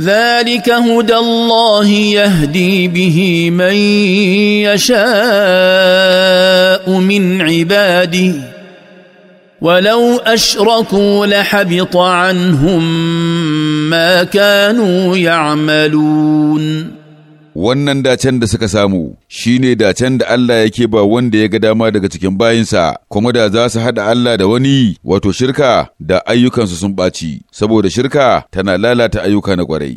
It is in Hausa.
ذلك هدى الله يهدي به من يشاء من عباده ولو اشركوا لحبط عنهم ما كانوا يعملون wannan dacen da suka samu shi ne dacen da Allah yake ba wanda ya ga dama daga cikin bayinsa kuma da za su haɗa Allah da wani wato shirka da ayyukansu sun ɓaci saboda shirka tana lalata ayyuka na kwarai